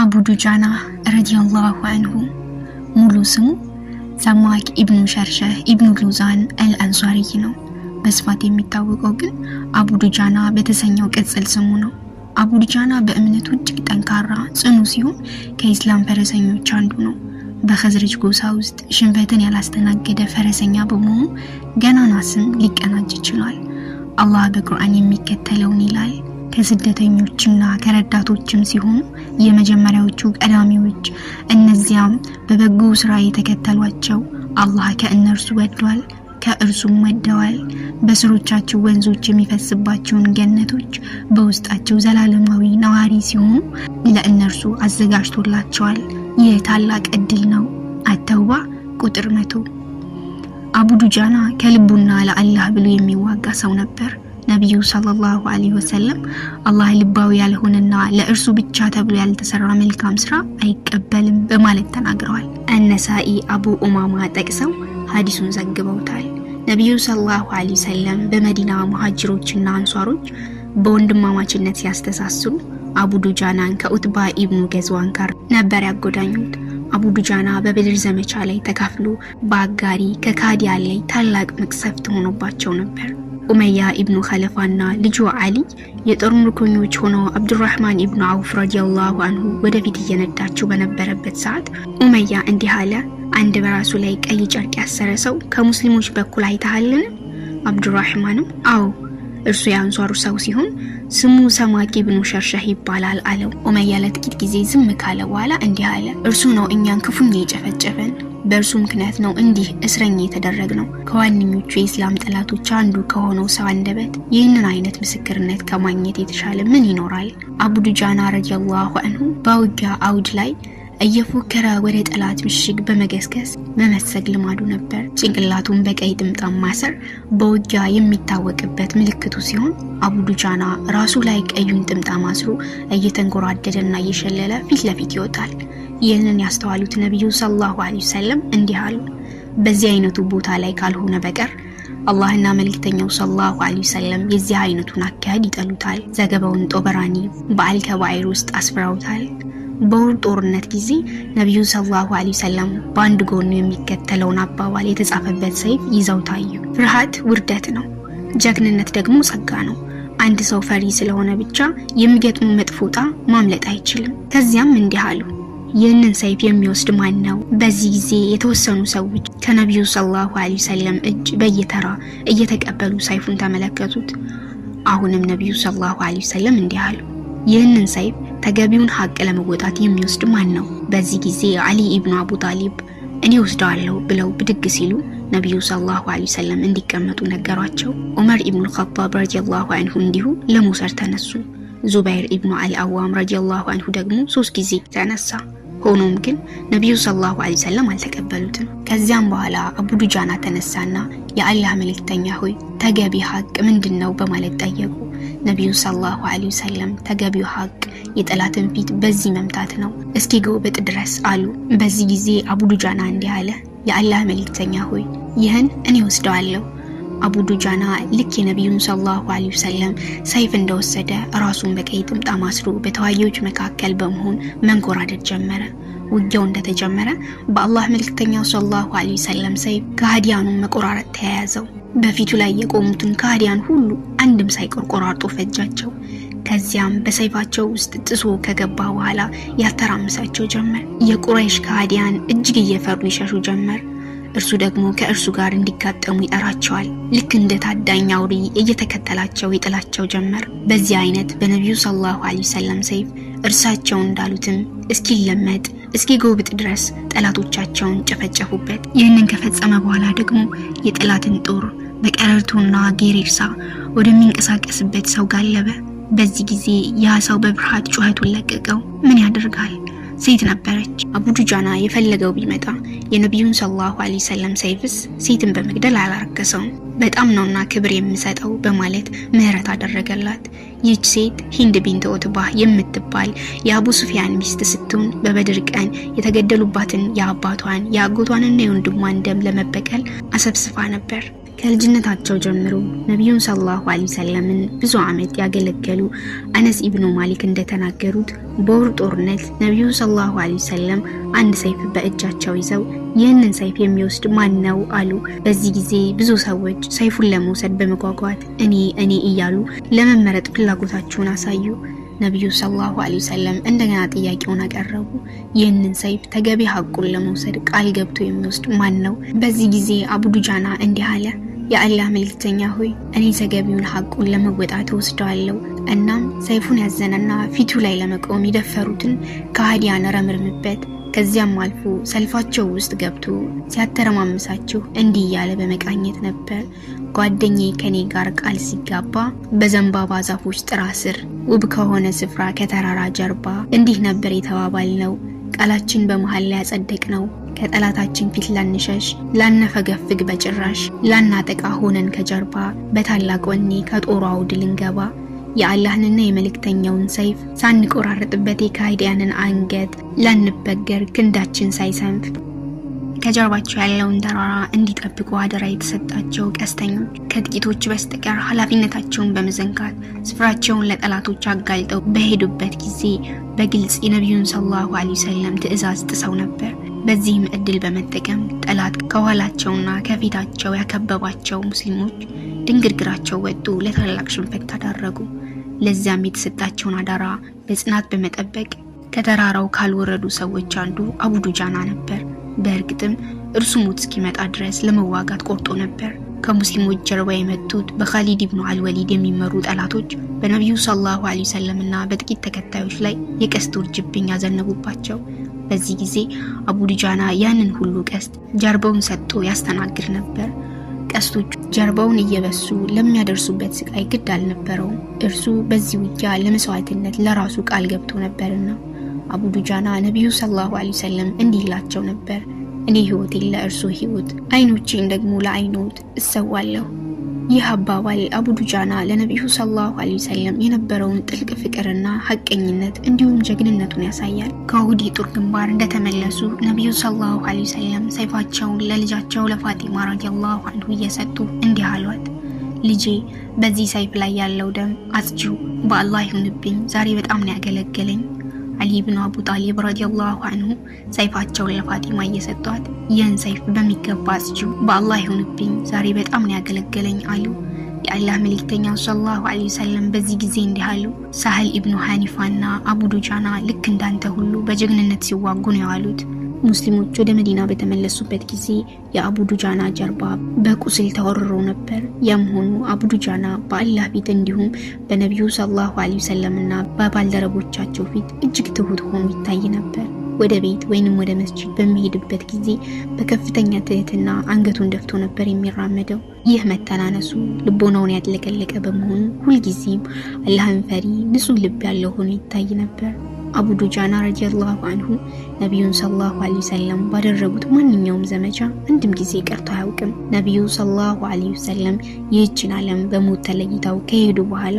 አቡ ዱጃና ረዲየላሁ አንሁ ሙሉ ስሙ ሰማክ ኢብኑ ሸርሸህ ኢብኑ ሉዛን አልአንሷሪ ነው። በስፋት የሚታወቀው ግን አቡ ዱጃና በተሰኘው ቅጽል ስሙ ነው። አቡ ዱጃና በእምነቱ እጅግ ጠንካራ ጽኑ ሲሆን ከኢስላም ፈረሰኞች አንዱ ነው። በኸዝረጅ ጎሳ ውስጥ ሽንፈትን ያላስተናገደ ፈረሰኛ በመሆኑ ገናና ስም ሊቀናጅ ይችላል። አላህ በቁርአን የሚከተለውን ይላል ከስደተኞችና ከረዳቶችም ሲሆኑ የመጀመሪያዎቹ ቀዳሚዎች እነዚያም በበጎ ስራ የተከተሏቸው አላህ ከእነርሱ ወዷል፣ ከእርሱም ወደዋል። በስሮቻቸው ወንዞች የሚፈስባቸውን ገነቶች በውስጣቸው ዘላለማዊ ነዋሪ ሲሆኑ ለእነርሱ አዘጋጅቶላቸዋል። ይህ ታላቅ እድል ነው። አተውባ ቁጥር መቶ አቡዱጃና ከልቡና ለአላህ ብሎ የሚዋጋ ሰው ነበር። ነቢዩ ሰለላሁ ዐለይሂ ወሰለም አላህ ልባዊ ያልሆነና ለእርሱ ብቻ ተብሎ ያልተሰራ መልካም ስራ አይቀበልም በማለት ተናግረዋል። አነሳኢ አቡ ኡማማ ጠቅሰው ሀዲሱን ዘግበውታል። ነቢዩ ሰለላሁ ዐለይሂ ወሰለም በመዲና መሀጅሮችና አንሷሮች በወንድማማችነት ሲያስተሳስሩ አቡ ዱጃናን ከኡትባ ኢብኑ ገዝዋን ጋር ነበር ያጎዳኙት። አቡ ዱጃና በብድር ዘመቻ ላይ ተካፍሎ በአጋሪ ከካዲያ ላይ ታላቅ መቅሰፍት ሆኖባቸው ነበር። ኡመያ ኢብኑ ኸለፋና ልጁ አሊ የጦር ምርኮኞች ሆነው አብዱራህማን ኢብኑ አውፍ ረዲያላሁ አንሁ ወደፊት እየነዳችው በነበረበት ሰዓት ኡመያ እንዲህ አለ። አንድ በራሱ ላይ ቀይ ጨርቅ ያሰረ ሰው ከሙስሊሞች በኩል አይተሃልን? አብዱራህማንም አዎ፣ እርሱ የአንሷሩ ሰው ሲሆን ስሙ ሰማኪ ብኑ ሸርሸህ ይባላል አለው። ኡመያ ለጥቂት ጊዜ ዝም ካለ በኋላ እንዲህ አለ፣ እርሱ ነው እኛን ክፉኛ የጨፈጨፈን በእርሱ ምክንያት ነው እንዲህ እስረኛ የተደረግ ነው። ከዋነኞቹ የኢስላም ጠላቶች አንዱ ከሆነው ሰው አንደበት ይህንን አይነት ምስክርነት ከማግኘት የተሻለ ምን ይኖራል? አቡ ዱጃና ረዲየላሁ አንሁ በውጊያ አውድ ላይ እየፎከረ ወደ ጠላት ምሽግ በመገስገስ መመሰግ ልማዱ ነበር። ጭንቅላቱን በቀይ ጥምጣም ማሰር በውጊያ የሚታወቅበት ምልክቱ ሲሆን አቡ ዱጃና ራሱ ላይ ቀዩን ጥምጣም አስሮ እየተንጎራደደና እየሸለለ ፊት ለፊት ይወጣል። ይህንን ያስተዋሉት ነቢዩ ሰለላሁ ዐለይሂ ወሰለም እንዲህ አሉ። በዚህ አይነቱ ቦታ ላይ ካልሆነ በቀር አላህና መልእክተኛው ሰለላሁ ዐለይሂ ወሰለም የዚህ አይነቱን አካሄድ ይጠሉታል። ዘገበውን ጦበራኒ በአልከባይር ውስጥ አስፍረውታል። በውር ጦርነት ጊዜ ነቢዩ ሰለላሁ ዐለይሂ ወሰለም በአንድ ጎኑ የሚከተለውን አባባል የተጻፈበት ሰይፍ ይዘው ታዩ። ፍርሃት ውርደት ነው፣ ጀግንነት ደግሞ ጸጋ ነው። አንድ ሰው ፈሪ ስለሆነ ብቻ የሚገጥሙ መጥፎ ዕጣ ማምለጥ አይችልም። ከዚያም እንዲህ አሉ። ይህንን ሰይፍ የሚወስድ ማን ነው? በዚህ ጊዜ የተወሰኑ ሰዎች ከነቢዩ ሰለላሁ ዐለይሂ ወሰለም እጅ በየተራ እየተቀበሉ ሰይፉን ተመለከቱት። አሁንም ነቢዩ ሰለላሁ ዐለይሂ ወሰለም እንዲህ አሉ፣ ይህንን ሰይፍ ተገቢውን ሀቅ ለመወጣት የሚወስድ ማን ነው? በዚህ ጊዜ አሊ ኢብኑ አቡ ጣሊብ እኔ ወስደዋለሁ ብለው ብድግ ሲሉ ነቢዩ ሰለላሁ ዐለይሂ ወሰለም እንዲቀመጡ ነገሯቸው። ዑመር ኢብኑ ኸጣብ ረዲየላሁ ዐንሁ እንዲሁ ለመውሰድ ተነሱ። ዙበይር ኢብኑ አል አዋም ረዲየላሁ አንሁ ደግሞ ሶስት ጊዜ ተነሳ። ሆኖም ግን ነቢዩ ሰለላሁ ዐለይሂ ወሰለም አልተቀበሉትም። ከዚያም በኋላ አቡ ዱጃና ተነሳና የአላህ መልክተኛ ሆይ ተገቢ ሀቅ ምንድን ነው በማለት ጠየቁ። ነቢዩ ሰለላሁ ዐለይሂ ወሰለም ተገቢው ሀቅ የጠላትን ፊት በዚህ መምታት ነው፣ እስኪ ጎብጥ ድረስ አሉ። በዚህ ጊዜ አቡ ዱጃና እንዲህ አለ፣ የአላህ መልክተኛ ሆይ ይህን እኔ ወስደዋለሁ አቡ ዱጃና ልክ የነቢዩን ሰለላሁ ዐለይሂ ወሰለም ሰይፍ እንደወሰደ ራሱን በቀይ ጥምጣም አስሮ በተዋጊዎች መካከል በመሆን መንጎራደድ ጀመረ። ውጊያው እንደተጀመረ በአላህ መልእክተኛው ሰለላሁ ዐለይሂ ወሰለም ሰይፍ ከሃዲያኑን መቆራረጥ ተያያዘው። በፊቱ ላይ የቆሙትን ከሃዲያን ሁሉ አንድም ሳይቀር ቆራርጦ ፈጃቸው። ከዚያም በሰይፋቸው ውስጥ ጥሶ ከገባ በኋላ ያተራምሳቸው ጀመር። የቁረይሽ ከሃዲያን እጅግ እየፈሩ ይሸሹ ጀመር። እርሱ ደግሞ ከእርሱ ጋር እንዲጋጠሙ ይጠራቸዋል። ልክ እንደ ታዳኝ አውሬ እየተከተላቸው ይጥላቸው ጀመር። በዚህ አይነት በነቢዩ ሰለላሁ ዐለይሂ ወሰለም ሰይፍ እርሳቸው እንዳሉትም እስኪለመጥ እስኪ ጎብጥ ድረስ ጠላቶቻቸውን ጨፈጨፉበት። ይህንን ከፈጸመ በኋላ ደግሞ የጠላትን ጦር በቀረርቶና ጌሬርሳ ወደሚንቀሳቀስበት ሰው ጋለበ። በዚህ ጊዜ ያ ሰው በብርሃት ጩኸቱን ለቀቀው። ምን ያደርጋል? ሴት ነበረች። አቡ ዱጃና የፈለገው ቢመጣ የነቢዩን ሰለላሁ ዐለይሂ ወሰለም ሰይፍስ ሴትን በመግደል አላረከሰውም፣ በጣም ነውና ክብር የምሰጠው በማለት ምህረት አደረገላት። ይህች ሴት ሂንድ ቢንት ኦትባ የምትባል የአቡ ሱፊያን ሚስት ስትሆን በበድር ቀን የተገደሉባትን የአባቷን የአጎቷንና የወንድሟን ደም ለመበቀል አሰብስፋ ነበር። ከልጅነታቸው ጀምሮ ነቢዩን ሰለላሁ ዐለይሂ ወሰለምን ብዙ ዓመት ያገለገሉ አነስ ኢብኑ ማሊክ እንደተናገሩት በኡሁድ ጦርነት ነቢዩ ሰለላሁ ዐለይሂ ወሰለም አንድ ሰይፍ በእጃቸው ይዘው ይህንን ሰይፍ የሚወስድ ማን ነው አሉ። በዚህ ጊዜ ብዙ ሰዎች ሰይፉን ለመውሰድ በመጓጓት እኔ እኔ እያሉ ለመመረጥ ፍላጎታቸውን አሳዩ። ነቢዩ ሰለላሁ ዐለይሂ ወሰለም እንደገና ጥያቄውን አቀረቡ። ይህንን ሰይፍ ተገቢ ሀቁን ለመውሰድ ቃል ገብቶ የሚወስድ ማን ነው? በዚህ ጊዜ አቡዱጃና እንዲህ አለ የአላህ መልክተኛ ሆይ እኔ ተገቢውን ሐቁን ለመወጣት ወስደዋለሁ። እናም ሰይፉን ያዘነና ፊቱ ላይ ለመቆም የደፈሩትን ከሃዲያን ረምርምበት። ከዚያም አልፎ ሰልፋቸው ውስጥ ገብቶ ሲያተረማምሳቸው እንዲህ እያለ በመቃኘት ነበር። ጓደኜ ከኔ ጋር ቃል ሲጋባ በዘንባባ ዛፎች ጥራ ስር ውብ ከሆነ ስፍራ ከተራራ ጀርባ እንዲህ ነበር የተባባልነው። ቃላችን በመሃል ላይ ያጸደቅ ነው። ከጠላታችን ፊት ላንሸሽ፣ ላነፈገፍግ በጭራሽ ላናጠቃ ሆነን ከጀርባ በታላቅ ወኔ ከጦሩ አውድ ልንገባ የአላህንና የመልእክተኛውን ሰይፍ ሳንቆራረጥበት የካህዲያንን አንገት ላንበገር ክንዳችን ሳይሰንፍ ከጀርባቸው ያለውን ተራራ እንዲጠብቁ አደራ የተሰጣቸው ቀስተኞች ከጥቂቶች በስተቀር ኃላፊነታቸውን በመዘንጋት ስፍራቸውን ለጠላቶች አጋልጠው በሄዱበት ጊዜ በግልጽ የነቢዩን ሰለላሁ ዐለይሂ ወሰለም ትዕዛዝ ጥሰው ነበር። በዚህም እድል በመጠቀም ጠላት ከኋላቸውና ከፊታቸው ያከበባቸው ሙስሊሞች ድንግርግራቸው ወጡ፣ ለታላቅ ሽንፈት ተዳረጉ። ለዚያም የተሰጣቸውን አደራ በጽናት በመጠበቅ ከተራራው ካልወረዱ ሰዎች አንዱ አቡዱ ጃና ነበር። በእርግጥም እርሱ ሞት እስኪመጣ ድረስ ለመዋጋት ቆርጦ ነበር። ከሙስሊሞች ጀርባ የመጡት በካሊድ ኢብኑ አልወሊድ የሚመሩ ጠላቶች በነቢዩ ሰለላሁ ዐለይሂ ወሰለም በጥቂት ተከታዮች ላይ የቀስት ውርጅብኝ ያዘነቡባቸው። በዚህ ጊዜ አቡዲጃና ያንን ሁሉ ቀስት ጀርባውን ሰጥቶ ያስተናግድ ነበር። ቀስቶቹ ጀርባውን እየበሱ ለሚያደርሱበት ስቃይ ግድ አልነበረውም። እርሱ በዚህ ውጊያ ለመስዋዕትነት ለራሱ ቃል ገብቶ ነበርና። አቡዱጃና ነቢዩ ሰለላሁ ዐለይሂ ወሰለም እንዲህ ይላቸው ነበር፣ እኔ ህይወቴን ለእርሱ ህይወት፣ አይኖቼን ደግሞ ለአይኖት እሰዋለሁ። ይህ አባባል አቡ ዱጃና ለነቢዩ ሰለላሁ ዐለይሂ ወሰለም የነበረውን ጥልቅ ፍቅርና ሀቀኝነት እንዲሁም ጀግንነቱን ያሳያል። ከኡሁድ ጡር ግንባር እንደተመለሱ ነቢዩ ሰለላሁ ዐለይሂ ወሰለም ሰይፋቸውን ለልጃቸው ለፋጢማ ረዲየላሁ አንሁ እየሰጡ እንዲህ አሏት፣ ልጄ በዚህ ሰይፍ ላይ ያለው ደም አጽጂው በአላህ ይሁንብኝ። ዛሬ በጣም ነው ያገለገለኝ። አሊ ብኑ አቡ ጣሊብ ረዲየላሁ አንሁ ሰይፋቸውን ለፋቲማ እየሰጧት ይህን ሰይፍ በሚገባ አጽጂው፣ በአላህ ይሁንብኝ ዛሬ በጣም ነው ያገለገለኝ አሉ። የአላህ መልእክተኛ ሰለላሁ ዐለይሂ ወሰለም በዚህ ጊዜ እንዲህ አሉ፣ ሳህል ኢብኑ ሐኒፋና አቡ ዱጃና ልክ እንዳንተ ሁሉ በጀግንነት ሲዋጉ ነው የዋሉት። ሙስሊሞች ወደ መዲና በተመለሱበት ጊዜ የአቡዱጃና ጀርባ በቁስል ተወርሮ ነበር። ያም ሆኑ አቡዱጃና በአላህ ፊት እንዲሁም በነቢዩ ሰለላሁ ዐለይሂ ወሰለምና በባልደረቦቻቸው ፊት እጅግ ትሁት ሆኖ ይታይ ነበር። ወደ ቤት ወይንም ወደ መስጂድ በሚሄድበት ጊዜ በከፍተኛ ትህትና አንገቱን ደፍቶ ነበር የሚራመደው። ይህ መተናነሱ ልቦናውን ያጥለቀለቀ በመሆኑ ሁልጊዜም አላህን ፈሪ ንጹህ ልብ ያለው ሆኖ ይታይ ነበር። አቡ ዱጃና ረዲየላሁ አንሁ ነቢዩን ሰለላሁ ዐለይሂ ወሰለም ባደረጉት ማንኛውም ዘመቻ አንድም ጊዜ ቀርቶ አያውቅም። ነቢዩ ሰለላሁ ዐለይሂ ወሰለም ይህችን ዓለም በሞት ተለይተው ከሄዱ በኋላ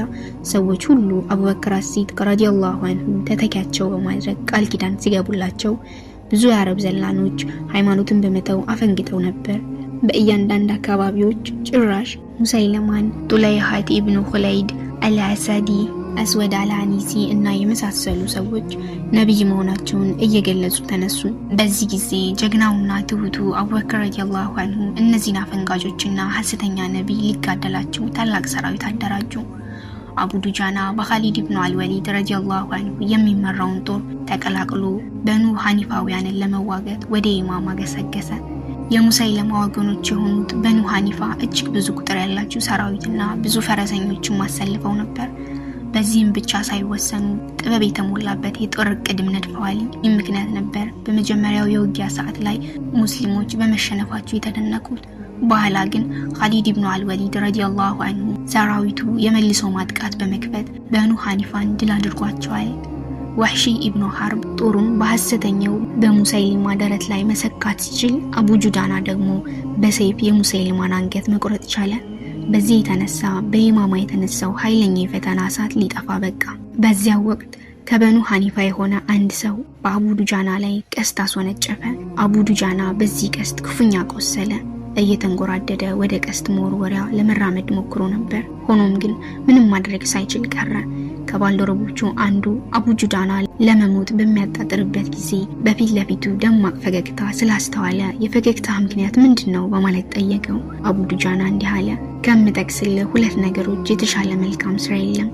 ሰዎች ሁሉ አቡበክር አሲድቅ ረዲየላሁ አንሁ ተተኪያቸው በማድረግ ቃል ኪዳን ሲገቡላቸው ብዙ የአረብ ዘላኖች ሃይማኖትን በመተው አፈንግጠው ነበር። በእያንዳንድ አካባቢዎች ጭራሽ ሙሰይለማን፣ ጡለይሃት ኢብኑ ኹለይድ አልአሳዲ አስወድ አላኒሲ እና የመሳሰሉ ሰዎች ነቢይ መሆናቸውን እየገለጹ ተነሱ። በዚህ ጊዜ ጀግናውና ትሁቱ አቡበከር ረዲየላሁ አንሁ እነዚህን አፈንጋጆችና ሀሰተኛ ነቢይ ሊጋደላቸው ታላቅ ሰራዊት አደራጁ። አቡ ዱጃና በኻሊድ ብኑ አልወሊድ ረዲየላሁ አንሁ የሚመራውን ጦር ተቀላቅሎ በኑ ሐኒፋውያንን ለመዋገት ወደ የማማ ገሰገሰ። የሙሰይለማ ወገኖች የሆኑት በኑ ሐኒፋ እጅግ ብዙ ቁጥር ያላቸው ሰራዊትና ብዙ ፈረሰኞችን ማሰልፈው ነበር። በዚህም ብቻ ሳይወሰኑ ጥበብ የተሞላበት የጦር እቅድም ነድፈዋል። ይህ ምክንያት ነበር በመጀመሪያው የውጊያ ሰዓት ላይ ሙስሊሞች በመሸነፋቸው የተደነቁት። በኋላ ግን ኻሊድ ኢብኑ አልወሊድ ረዲያላሁ አንሁ ሰራዊቱ የመልሶ ማጥቃት በመክፈት በኑ ሐኒፋን ድል አድርጓቸዋል። ዋሺ ኢብኑ ሐርብ ጦሩን በሐሰተኛው በሙሰይሊማ ደረት ላይ መሰካት ሲችል፣ አቡ ጁዳና ደግሞ በሰይፍ የሙሰይሊማን አንገት መቁረጥ ቻለ። በዚህ የተነሳ በየማማ የተነሳው ኃይለኛ የፈተና እሳት ሊጠፋ በቃ። በዚያው ወቅት ከበኑ ሐኒፋ የሆነ አንድ ሰው በአቡ ዱጃና ላይ ቀስት አስወነጨፈ። አቡ ዱጃና በዚህ ቀስት ክፉኛ ቆሰለ። እየተንጎራደደ ወደ ቀስት መወርወሪያ ለመራመድ ሞክሮ ነበር። ሆኖም ግን ምንም ማድረግ ሳይችል ቀረ። ከባልደረቦቹ አንዱ አቡ ጁዳና ለመሞት በሚያጣጥርበት ጊዜ በፊት ለፊቱ ደማቅ ፈገግታ ስላስተዋለ የፈገግታ ምክንያት ምንድን ነው በማለት ጠየቀው። አቡ ዱጃና እንዲህ አለ፣ ከምጠቅስልህ ሁለት ነገሮች የተሻለ መልካም ስራ የለም።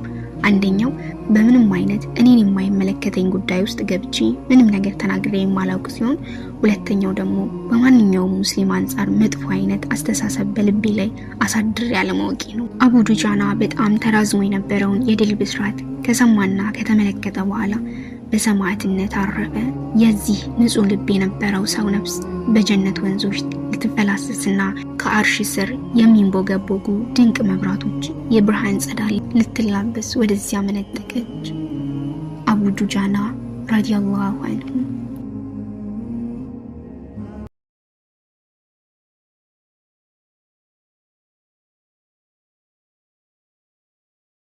አንደኛው በምንም አይነት እኔን የማይመለከተኝ ጉዳይ ውስጥ ገብቼ ምንም ነገር ተናግሬ የማላውቅ ሲሆን፣ ሁለተኛው ደግሞ በማንኛውም ሙስሊም አንጻር መጥፎ አይነት አስተሳሰብ በልቤ ላይ አሳድር ያለማወቂ ነው። አቡ ዱጃና በጣም ተራዝሞ የነበረውን የድል ብስራት ከሰማና ከተመለከተ በኋላ በሰማዕትነት አረፈ። የዚህ ንጹሕ ልብ የነበረው ሰው ነፍስ በጀነት ወንዞች ልትፈላሰስና ከአርሽ ስር የሚንቦገቦጉ ድንቅ መብራቶች የብርሃን ጸዳል ልትላበስ ወደዚያ መነጠቀች። አቡ ዱጃና ረዲየላሁ አንሁ